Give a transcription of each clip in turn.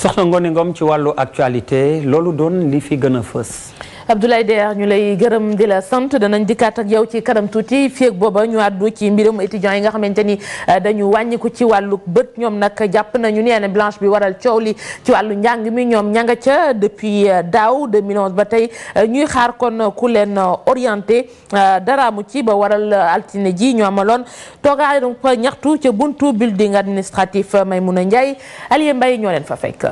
soxna Ngoné ngoom ci wàllu actualité loolu doon li fi gën a fës. Abdoulaye Der ñu lay gërëm di la sant danañ dikkaat ak yow ci kanam tuuti fii ak booba ñu àddu ci mbirum étudiants yi nga xamante ni euh, dañu wàññiku ci wàllu bët ñoom nag jàpp nañu nee na blanche bi waral coow li ci wàllu njàng mi ñoom ñanga ca depuis euh, daaw 2011 ba tey euh, ñuy xaar kon ku leen orienté dara mu ci ba waral altine ji ñu amaloon toogaay donc ñaxtu ca buntu building administratif Maymouna Ndiaye Aliou mbay ñoo leen fa fekk.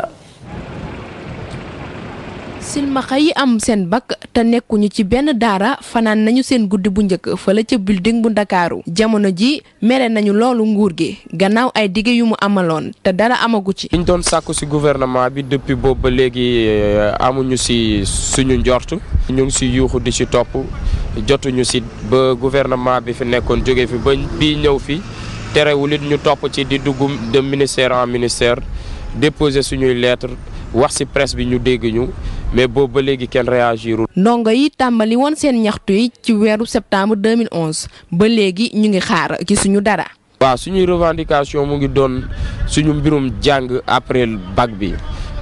silmaxa yi am seen bac te nekkuñu ci benn daara fanaan nañu seen guddi bu njëkk fële ca building bu ndakaaru jamono ji mere nañu loolu nguur gi gannaaw ay dige yu mu amaloon te dara amagu ci liñ doon sàkku ci gouvernement bi depuis boobu ba léegi euh, amuñu ci suñu njort ñu ngi ci yuuxu di ci topp jotuñu ci ba gouvernement bi fi nekkoon jóge fi ba bii ñëw fi terewul it ñu topp ci di dugg de ministère en ministère déposer suñuy lettre wax ci presse bi ñu dégg ñu mais boobu ba léegi kenn réagirul. ndongo yi tàmbali woon seen ñaxtu yi ci weeru septembre 2011 ba léegi ñu ngi xaar ci suñu dara. waaw suñuy revendication mu ngi doon suñu mbirum jàng après bac bi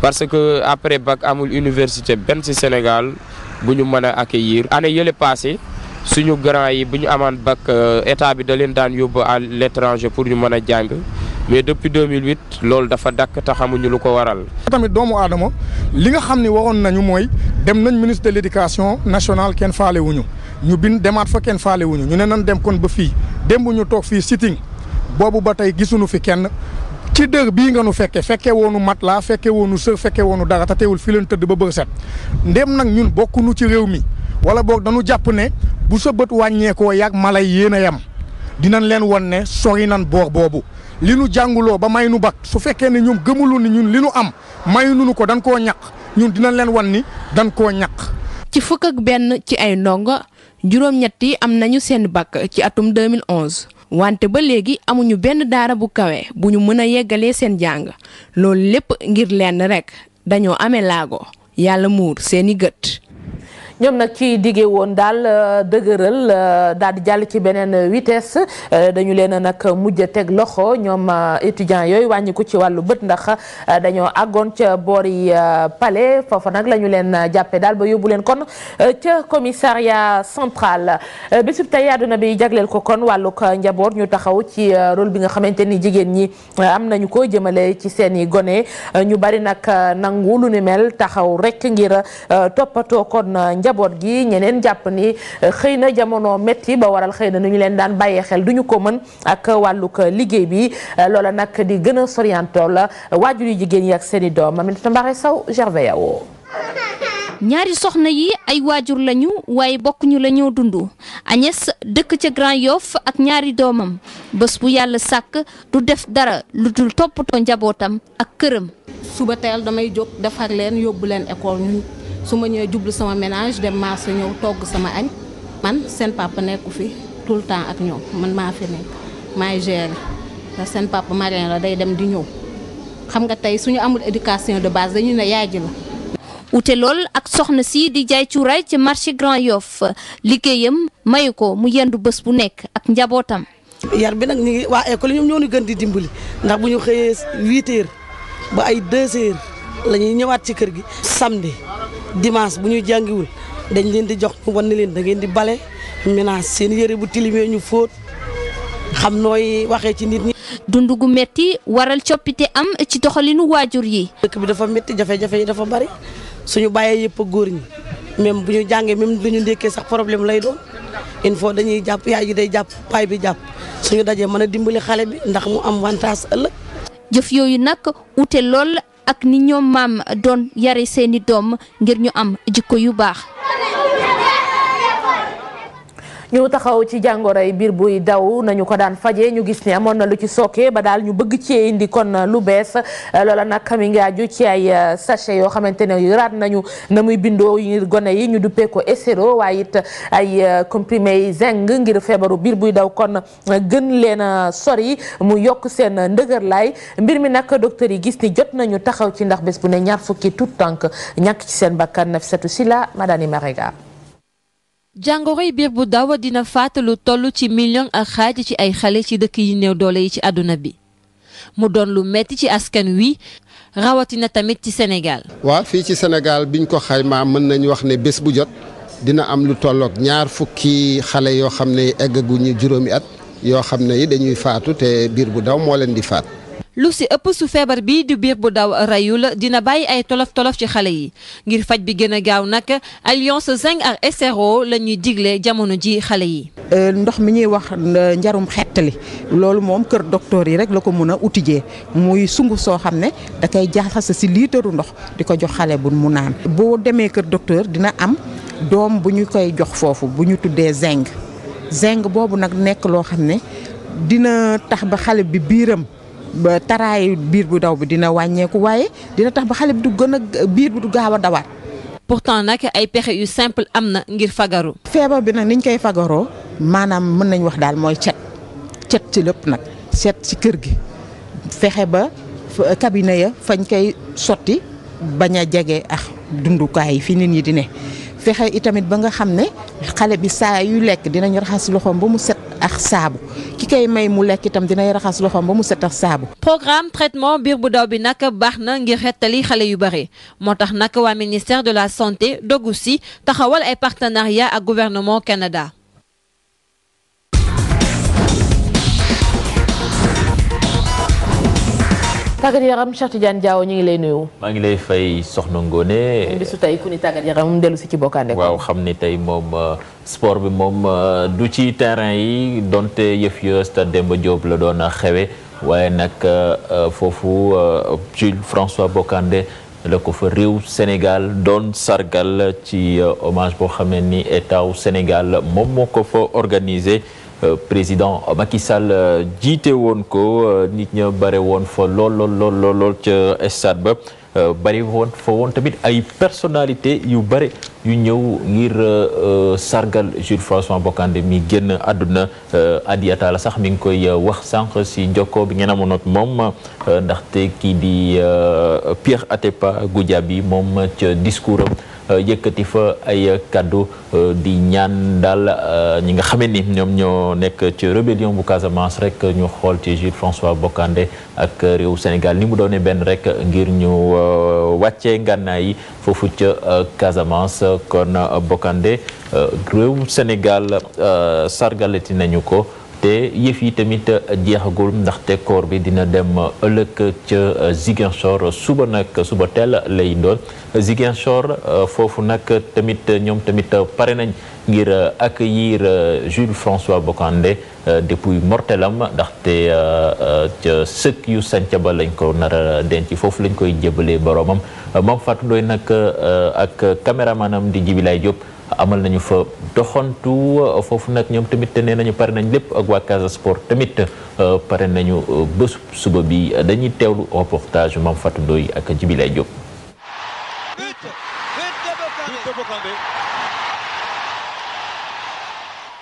parce que après bac amul université benn ci Sénégal bu ñu mën a accueillir. année yële passé suñu grand yi bu ñu amaan bac euh, état bi da leen daan yóbbu à l'étranger pour ñu mën a jàng. mais depuis 2008 loolu dafa dakk taxamuñu lu ko waral. tamit doomu aadama li nga xam ne waroon nañu mooy dem nañ ministre de l'éducation nationale kenn faale wuñu ñu bin demaat fa kenn faale wuñu ñu ne nan dem kon ba fii bu ñu toog fii sitting boobu ba tey gisuñu fi kenn. ci dër bii nga nu fekke fekke woonu mat laa fekke woonu sër fekke woonu dara te teewul leen tëdd ba bër set ndéem nag ñun bokkunu ci réew mi wala boog dañu jàpp ne bu sa bët wàññeekoo yàgg mala yéen a yem dinañ leen won ne sori nan boor boobu li nu jànguloo ba may nu bac su fekkee ne ñoom gëmulu ni ñun li nu am may nu ko dan koo ñaq ñun dinañ leen wan ni dan koo ñàq ci fukk ak benn ci ay ndongo juróom-ñett am nañu seen bac ci atum 2011 wante ba léegi amuñu benn daara bu kawe bu ñu mën a yeggalee seen jàng loolu lépp ngir lenn rekk dañoo ame laago yàlla muur seeni gët ñoom nag ci diggé woon daal euh, dëgëral euh, daal di jàll ci beneen vitesse euh, dañu leen nag mujj teg loxo ñoom étudiants yooyu wàññi ci wàllu bët ndax dañoo àggoon ca boori pale foofa nag lañu leen jàppee daal ba yóbbu leen kon ca commissariat central bésub te àdduna bi jagleel ko kon wàllug njaboot ñu taxaw ci rôle bi nga xamante ni jigéen ñi am nañu ko jëmale ci seen i gone ñu bari nag nangu lu ni mel taxaw rek ngir toppatoo kon njaboot gi ñeneen jàpp ni euh, xëy na jamono métti ba waral xëy na nu ñu leen daan bàyyee xel duñu ko mën ak wàllug euh, liggéey bi euh, loola nag di gën a soriantoo la waajur yi jigéen yi ak seeni doom Aminata Mbaare Sow Gervais Yao ñaari soxna yi ay waajur lañu waaye bokkuñu la ñoo dund Agnès dëkk ca Grand Yoff ak ñaari doomam bés bu yàlla sàkk du def dara lu dul toppatoo njabootam ak këram. suba teel damay jóg defar leen yóbbu leen école su ma ñëwee jublu sama ménage dem marché ñëw togg sama añ man seen papa nekku fi tout le temps ak ñëw man maa fi nekk maay gérer ndax seen papa marin la day dem di ñëw xam nga tey suñu amul éducation de base dañu ne yaay ji la. ute lool ak soxna si di jaay cuuraay ci marché Grand Yoff liggéeyam mayu ko mu yendu bës bu nekk ak njabootam. yar bi nag ñu ngi waa école ñoom ñoo ñu gën di dimbali ndax bu ñu xëyee huit ba ay deux heures la ñuy ñëwaat ci kër gi. samedi dimanche bu ñu jàngiwul dañ leen di jox ñu wan ne leen da ngeen di bale ménage seen yëre bu tilimee ñu fóot xam nooy waxe ci nit ñi. dund gu metti waral coppite am ci doxalinu waajur yi. dëkk bi dafa metti jafe-jafe yi dafa bari. suñu bàyyee yëpp a góor ñi même bu ñu jàngee même bu ñu ndékkee sax problème lay doon il faut dañuy jàpp yaay ji day jàpp paay bi jàpp suñu dajee mën a dimbali xale bi ndax mu am avantage ëllëg. jëf yooyu nag ute lool ak ni ñoom doon yare seeni doom ngir ñu am jikko yu baax. ñu taxaw ci jàngoroy biir buy daw nañu ko daan faje ñu gis ni amoon na lu ci sooke ba daal ñu bëgg ci indi kon lu bees loola nag mi ngi aju ci ay euh, sachet yoo xamante ne yu nañu na muy bindoo ngir gone yi ñu duppee ko esero waaye it ay euh, comprimé zinc ngir feebaru biir buy daw kon euh, gën leen a sori mu yokk seen ndëgër laay mbir mi nag docteur yi gis ni jot nañu taxaw ci ndax bés bu ne ñaar fukki tout tànk ñàkk ci seen bakkan Nafissatou Silla Madani Marega jàngoroy biir bu daw dina faat lu toll ci million ak xaaj ci ay xale ci dëkk yi néew doole yi ci àdduna bi mu doon lu metti ci askan wi rawatina tamit ci Sénégal. waaw fii ci Sénégal biñ ko xaymaa mën nañu wax ne bés bu jot dina am lu tolloog ñaar fukki xale yoo xam ne eggaguñu juróomi at yoo xam ne yi dañuy faatu te biir bu daw moo leen di faat. lu si ëpp su feebar bi di biir bu daw la dina bàyyi ay tolof-tolof ci xale yi ngir faj bi gën a gaaw nag alliance zinc ak SRO la ñuy digle jamono ji xale yi euh, ndox mi ñuy wax euh, njarum xettali loolu moom kër docteur yi rek la ko mun a utijee muy sungu soo xam ne da koy jaxase si liitaru ndox di ko jox xale bu mu naan boo demee kër docteur dina am doom bu ñu koy jox foofu bu ñu tuddee zinc zinc boobu nag nekk loo xam ne dina tax ba xale bi biiram ba taraayu biir bu daw bi dina wàññeeku waaye dina tax ba xale bi du gën a biir bi du gaaw a dawaat. pourtant nag ay pexe yu simple am na ngir fagaru. feebar bi nag niñ koy fagaroo maanaam mën nañ wax daal mooy cet cet ci lépp nag cet ci kër gi fexe ba cabinet ya fañ koy sotti bañ a jege ak dundukaay yi fi nit ñi di ne fexe itamit ba nga xam ne xale bi saa yu lekk dinañ raxas loxoom ba mu set ak saabu. ki koy may mu lekk itam dinay raxas loxo ba mu setax ak saabu. programme traitement biir bu daw bi nag baax na ngir xettali xale yu bare moo tax nag waa ministère de la santé dogu si taxawal ay partenariat ak gouvernement Canada. tàggat yaram Cheikh Tidiane Diaw ñu ngi lay nuyu. maa ngi lay fay Soxna Ngone. bisu tey ku ni tàggat yaram dellu si ci bokkaande ko. waaw xam ni tey moom euh, sport bi moom euh, du ci terrain yi donte yëf ya stade Demba Diop la doon xewe waaye nag euh, foofu ci François Bokandé la ko fa réew Sénégal doon sargal ci hommage boo xam ni état wu Sénégal moom moo ko fa organisé. Euh, président Macky Sall euh, jiite woon ko euh, nit ña bare woon fa lool lool lool ca stade ba bari woon fa woon tamit ay personnalité yu bare yu ñëw ngir sargal Jules François Bocandé mi génn àdduna Adi Atala sax mi ngi koy wax sànq si jokkoo bi ngeen amoon ak moom ndaxte kii di Pierre Atepa Goudiaby moom ca discours Euh, yëkkati fa ay kaddu euh, di ñaan daal euh, ñi nga xamee ni ñoom ñoo nekk ci rébellion bu Casamance rek ñu xool ci Jules François Bocandé ak réew Sénégal ni mu doone benn rek ngir ñu wàccee ngànnaay yi foofu ca Casamance kon Bocandé réew Sénégal sargalati nañu ko te yëf yi tamit jeexagul ndaxte koor bi dina dem ëllëg ca Ziguinchor suba nag suba teel lay doon Ziguinchor euh, foofu nag tamit ñoom tamit pare nañ ngir accueillir euh, Jules François Bocandé euh, depuis mortelam ndaxte ca sëkk yu ba lañ ko nar denc foofu lañ koy jébalee boromam moom Fatou Ndoye nag ak caméramanam di Jibilaay Diop amal nañu fa doxantu euh, foofu nag ñoom tamit nee nañu pare nañ lépp ak waa Casa Sport tamit euh, pare nañu euh, bés suba bi dañuy teew reportage Mame Fatou Ndoye ak Djibilay Diop.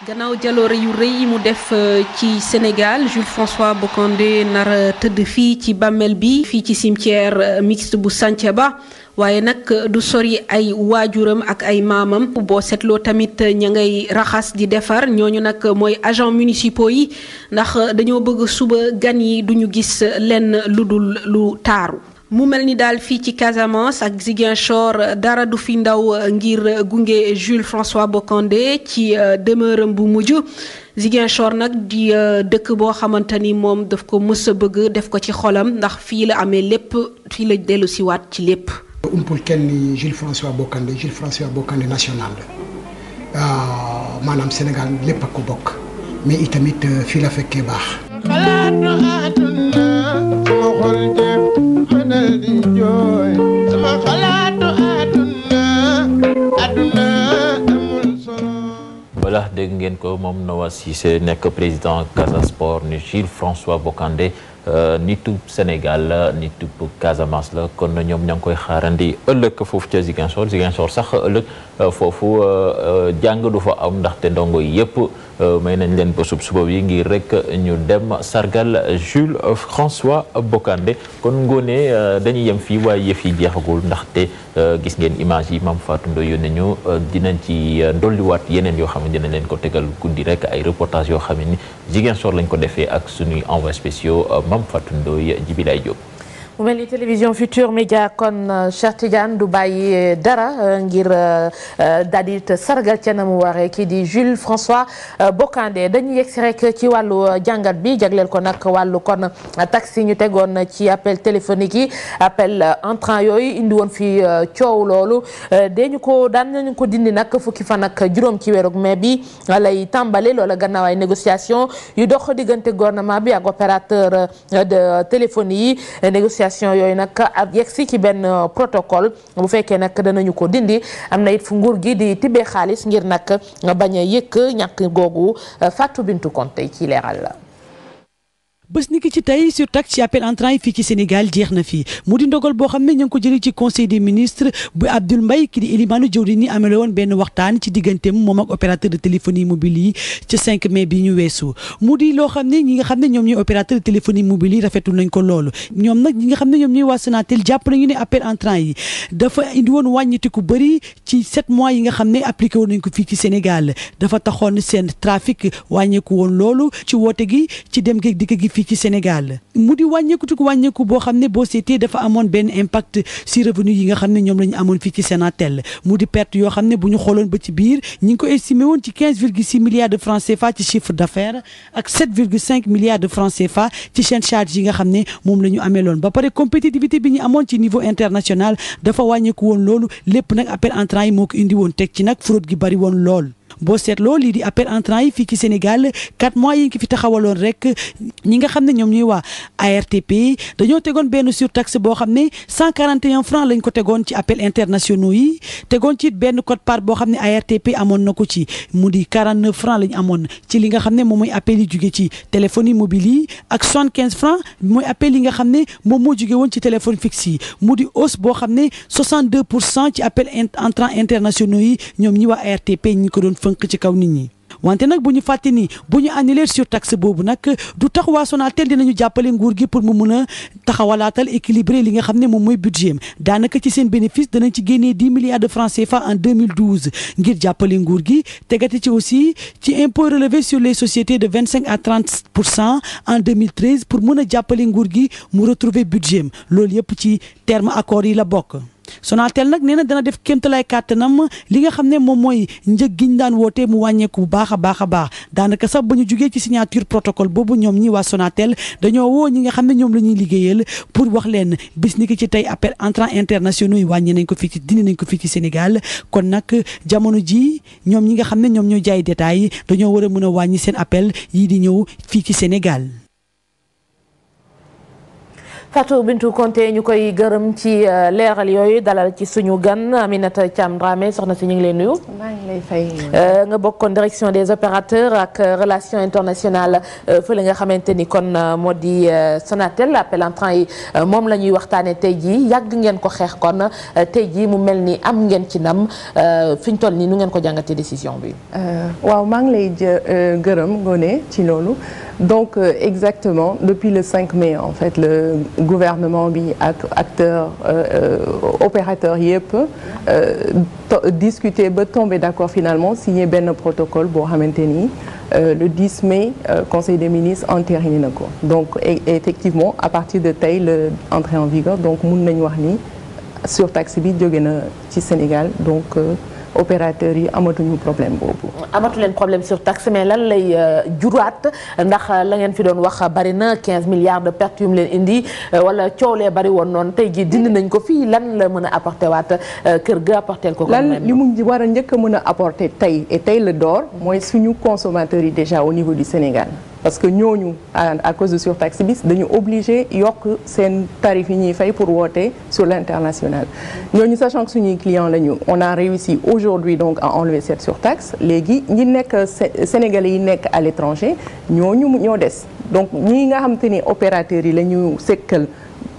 gannaaw jaloore yu rëy yi mu def ci Sénégal Jules François Bocandé nar tëdd fii ci bàmmeel bi fii ci cimetière mixte bu ba waaye nag du sori ay waajuram ak ay maamam boo seetloo tamit ña ngay raxas di defar ñooñu nag mooy agent municipaux yi ndax dañoo bëgg suba gan yi duñu gis lenn lu dul lu taaru mu mel ni daal fii ci Casamance ak Ziguinchor dara du fi ndaw ngir gunge Jules François Bocandé ci euh, demeure am bu mujj Ziguinchor nag di euh, dëkk boo xamante ni moom daf ko mës a bëgg def ko ci xolam ndax fii la amee lépp fii la dellu siwaat ci lépp umpul kenn ni Jules François Bocandé Jules François Bocandé national la euh, maanaam Sénégal lépp a ko bokk mais itamit euh, fii la fekkee baax. voilà dégg ngeen ko moom Noah Cissé nekk président Casa Sport ni Jules François Bocandé. Euh, nitu Sénégal la nitu Casamance la kon ñoom ña ngi koy xaarandi ëllëg foofu ca Ziguinchor Ziguinchor sax ëllëg euh, foofu euh, jàng du fa am ndaxte ndongo yépp Euh, may nañ leen ba sub suba yi ngir rek ñu dem sargal Jules François Bocandé kon ngoone euh, dañuy yem fii waaye yëf yi jeexagul ndaxte euh, gis ngeen image yi Mame Fatou Ndoye yónnee ñu dinañ ci dolliwaat yeneen yoo xam ne dinañ leen ko tegal guddi rek ay reportage yoo xam ne ni Ziguinchor lañ ko defee ak suñuy envoyés spéciaux Mame Fatou Ndoye Djibi Laye jóg mu télévision Futur Média kon euh, Cheikh Tidiane du bàyyi dara euh, ngir euh, daal di sargal ca na mu waree eh, kii di Jules François Bocandé dañu yegsi rek ci wàllu jàngat bi jagleel ko nag wàllu kon taxi ñu tegoon ci appel téléphonique yi appel entrant yooyu indi woon fi coow loolu dañu ko daan nañu ko dindi nag fukki fan nak juróom ci weeru mai bi lay tàmbale loola gannaaw ay négociation yu dox diggante gouvernement bi ak opérateur de téléphonie yi négociation yooyu nag ab yegsi ci benn euh, protocole bu fekkee nag danañu ko dindi am na it fu nguur gi di tibbee xaalis ngir nag bañ a yëkk ñàkk googu euh, Fatou kon Conté ci leeral la bés ni ki ci tey sur taxe ci appel entrant yi fii ci Sénégal jeex na fi mu di ndogal boo xam ne ñu ngi ko jëlee ci conseil des ministres bu Abdoul Mbaye ki di Elimane Diouldine ni amele woon benn waxtaan ci digganteem moom ak de téléphonie mobile yi ci 5 bi ñu weesu mu di loo xam ne ñi nga xam ne ñoom ñooy opérateur de téléphonie mobile yi rafetul nañ ko loolu ñoom nag ne ñoom ñooy waa Sonatel jàpp nañu ne appel entrant yi dafa indi woon wàññitiku bëri ci mois yi nga xam ne appliqué woon nañ ko fii ci Sénégal dafa taxoon seen trafic wàññeeku woon loolu ci woote gi ci dem gi fii ci Sénégal mu di wàññeeku tuuti wàññeeku boo xam ne boo seetee dafa amoon benn impact si revenu yi nga xam ne ñoom lañu ñu amoon fii ci Sénatel mu di perte yoo xam ne bu ñu xooloon ba ci biir ñi ngi ko estimé woon ci quinze virgule six milliards de francs CFA ci chiffre d'affaires ak sept de francs CFA ci seen charge yi nga xam ne moom la ñu ameeloon ba pare compétitivité bi ñu amoon ci niveau international dafa wàññeeku woon loolu lépp nag appel entrant yi moo ko indi woon teg ci nag fraude gi bari woon lool boo seetloo lii di appel entrant yi fii ci Sénégal quatre mois yi ngi fi taxawaloon rek ñi nga xam ne ñoom ñuy waa ARTP dañoo tegoon benn surtaxe boo xam ne cent quarante et un franc lañ ko tegoon ci appel internationaux yi tegoon ci benn code part boo xam ne ARTP amoon na ko ci mu di quarante neuf franc lañ amoon ci li nga xam ne moom mooy appel yi jóge ci téléphone yi mobile yi ak soixante quinze franc mooy appel yi nga xam ne moom moo jóge woon ci téléphone fixe yi mu boo xam ne soixante deux cent ci appel entrant internationaux yi ñoom ñi waa ARTP ñi ko doon fënq ci kaw nit ñi wante nag bu ñu fàtte ni bu ñu annuler surtaxe boobu nag du tax waa Sonatel dinañu jàppale nguur gi pour mu mun a taxawalaatal équilibré li nga xam ne moom mooy budget daanaka ci seen bénéfice danañ ci génne 10 milliards de francs CFA en 2012 ngir jàppale nguur gi tegati ci aussi ci impôt relevé sur les sociétés de 25 à 30 pour cent en 2013 pour mën a jàppale nguur gi mu retrouver budget loolu yëpp ci terme accord yi la bokk. Sonatel nag nee na dana def kéemtalaay kàttanam li nga xam ne moom mooy njëg gi ñu daan woote mu wàññeeku bu baax a baax a baax daanaka sax ba ñu jugee ci signature protocole boobu ñoom ñi waa Sonatel dañoo woo ñi nga xam ne ñoom la ñuy liggéeyal pour wax leen bis ni ci tey appel entrants internationaux yi wàññi nañ ko fii ci dindi nañ ko fii ci Sénégal kon nag jamono ji ñoom ñi nga xam ne ñoom ñoo jaay détail dañoo war a mën a wàññi seen appel yii di ñëw fii ci Sénégal Fatou Bintou Konté ñu koy gërëm ci euh, leeral yooyu dalal ci suñu gan Aminata Thiam Dramé soxna si ñu ngi leen nuyu. maa ngi lay fay. Euh, nga bokkoon direction des opérateurs ak euh, relations internationales fële nga xamante ni kon moo di Sonatel appel entrant yi moom la ñuy waxtaanee tey jii yàgg ngeen ko xeex kon tey jii mu mel ni am ngeen ci ndam fi ñu toll nii nu ngeen ko jàngatee décision bi. waaw maa ngi lay gërëm Ngoné ci loolu donc exactement depuis le 5 mai en fait gouvernement bi ak acteur euh, euh, opérateur yëpp euh, discuter ba tomber d'accord finalement signer benn protocole boo xamante ni le 10 mai conseil des ministres entériné na ko donc e-, effectivement à partir de tey le entrée en vigueur donc mun nañu wax ni surtaxe bi jóge na ci Sénégal donc. opérateurs yi amatuñu problème boobu. amatu leen problème sur taxe mais lan lay euh, juraat ndax la ngeen fi doon wax bari na 15 milliards de pertes leen indi euh, wala coow lee bari woon noonu tey jii dindi nañ ko fii lan la mën a apporter waat euh, kër ga apporter ko. lan li mu war a njëkk a mën a apporter tey et tey la door mooy suñu consommateurs yi déjà au niveau du Sénégal. parce que ñooñu à cause de surtaxe bis dañu obligé yokk seen tarif yi ñuy fay pour woote sur l'international ñooñu sachant que suñuy client lañu on a réussi aujourd'hui donc à enlever cette surtaxe léegi ñi nekk sénégalais yi nekk à l'étranger ñooñu ñoo des donc ñi nga xam te ni opérateurs yi la ñu sëkkal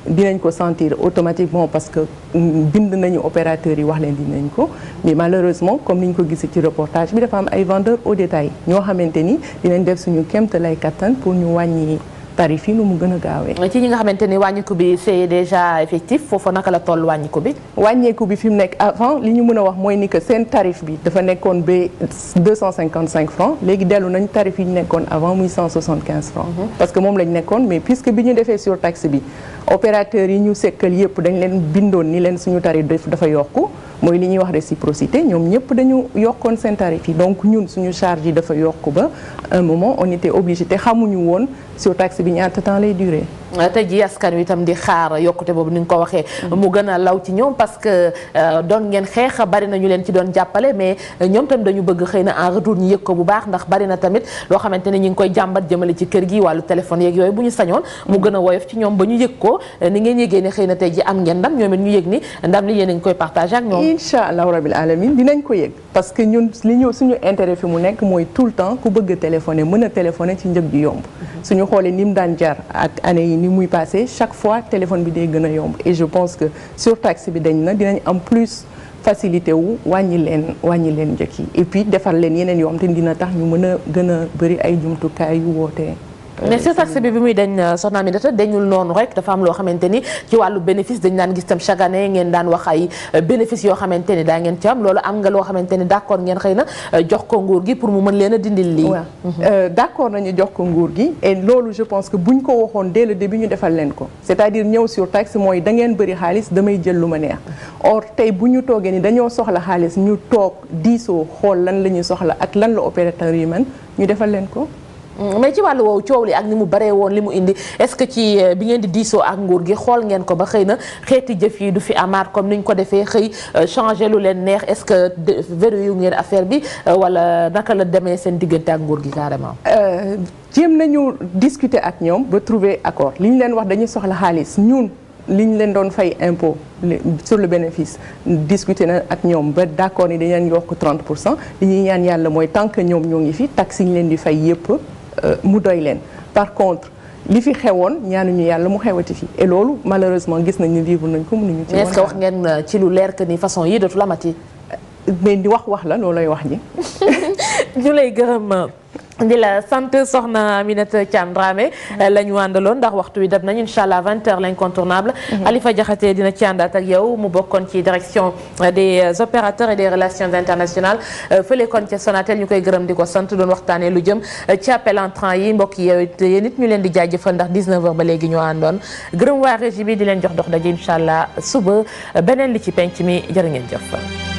dinañ ko sentir automatiquement parce que mm, bind nañu opérateurs yi wax leen dinañ ko mais malheureusement comme ni ñu ko gisee ci reportage bi dafa am ay vendeurs au détail ñoo xamante ni dinañ def suñu lay kattan pour ñu wàññi. tarif yi nu mu gën a gaawee. ci ñi nga xamante ni wàññiku bi c'est déjà effectif foofu naka la toll wàññiku bi. wàññeeku bi fi mu nekk avant li ñu mën a wax mooy ni que seen tarif bi dafa nekkoon ba 255 francs léegi dellu nañ tarif yi ñu nekkoon avant muy 175 francs. Mhm. parce que moom lañ nekkoon mais puisque bi ñu defee surtaxe bi opérateur yi ñu sekkal yëpp dañ leen bindoon ni leen suñu tarif dafa yokku. mooy li ñuy wax réciprocité ñoom ñëpp dañu yokkoon seen tarif yi donc ñun suñu charge yi dafa yokk ba un moment onité était obligé te xamuñu woon surtaxe bi ñaata temps lay durer. tey ji askan wi itam di xaar yokkute boobu ni nga ko waxee mu gën a law ci ñoom parce que euh, doon ngeen xeex bari na ñu leen ci doon jàppale mais euh, ñoom tam dañu bëgg xëy na en retour ñu yëg ko bu baax ndax bari na tamit loo xamante ne ñu ngi koy jàmbat jëmale ci kër gi wàllu téléphone yeeg yooyu bu ñu sañoon mu gën a woyof ci ñoom ba ñu yëg ko euh, ni ngeen yëgee ne xëy na tey ji am ngeen ndam ñoom it ñu yëg ni ndam li yéen koy partagé ak ñoom incha allahu rabil alamin yëg parce que ñun li ñu suñu intérêt fi mu nekk mooy tou le temps ku bëgg téléphoné mën a téléphoné ci njëg yomb mm-hmm. xoolee ni mu ak ni muy passé chaque fois téléphone bi day gën a yomb et je pense que surtaxe bi dañ na dinañ am plus facilité wu wàññi leen wàññi leen njëkk yi et puis defar leen yeneen yoo xam te dina tax ñu mën a gën a bëri ay jumtukaay yu wootee Euh, mais surtaxe bi bi muy dañ euh, soxna Aminata dañul noonu rek dafa am loo xamante ni ci wàllu bénéfice dañ daan gis tam chaque année ngeen daan wax ay euh, bénéfice yoo xamante ni daa ngeen ci am loolu am nga loo xamante ni d'accord ngeen xëy na jox ko nguur gi pour mu mën leen a dindil lii mhm. d'accord nañu jox ko nguur gi loolu je pense que buñ ko waxoon dès le début ñu defal leen ko c'est-à-dire ñëw surtaxe mooy da ngeen xaalis damay jël lu ma neex or tey bu ñu toogee ni dañoo soxla xaalis ñu toog diisoo xool lan la ñuy soxla ak lan la opérateur yi man ñu defal leen ko Mm, mais ci wàll woowu coow li ak ni mu baree woon li mu indi est-ce que ci euh, bi ngeen di diisoo ak nguur gi xool ngeen ko ba xëy na xeeti jëf yi du fi amaat comme ni ñu ko defee xëy euh, changer lu leen neex est-ce que verrouillé ngeen affaire bi euh, wala naka la demee seen diggante nguur gi carrément. jéem nañu discuter ak ñoom ba trouver accord li ñu leen wax dañuy soxla xaalis ñun. li ñu leen doon fay impôt sur le bénéfice discuté na ak ñoom ba d'accord ni dañu leen yokk 30 pour cent li ñuy ñaan yàlla mooy tant que ñoom ñoo ngi fi taxes yi ñu leen di fay yépp Euh, mu doy leen par contre li fi xewoon ñu yàlla mu xew xewati fi et loolu malheureusement gis nañ ni vivre nañ ko mënuñu. ci mais est-ce que ngeen euh, ci lu leer que ni façon yi dootul amati. Euh, mais di wax wax la loolay wax ji. ñu lay gërëm. di la sant soxna Aminata Thiam Dramé mm-hmm. la ñu àndaloon ndax waxtu wi dab nañ incha allah 20h l'incontournable. Mm-hmm. Alifa Diakhaté dina ci àndaat ak yow mu bokkoon ci direction des opérateurs et des relations internationales euh, fële kon ca Sonatel ñu koy gërëm di ko sant doon waxtaanee lu jëm ci appel entrant yi mbokk yi yéen it ñu leen di jaajëfal ndax 19h ba léegi ñoo àndoon gërëm waa régie bi di leen jox dox daje incha allah suba beneen li ci penc mi jërë ngeen jëf.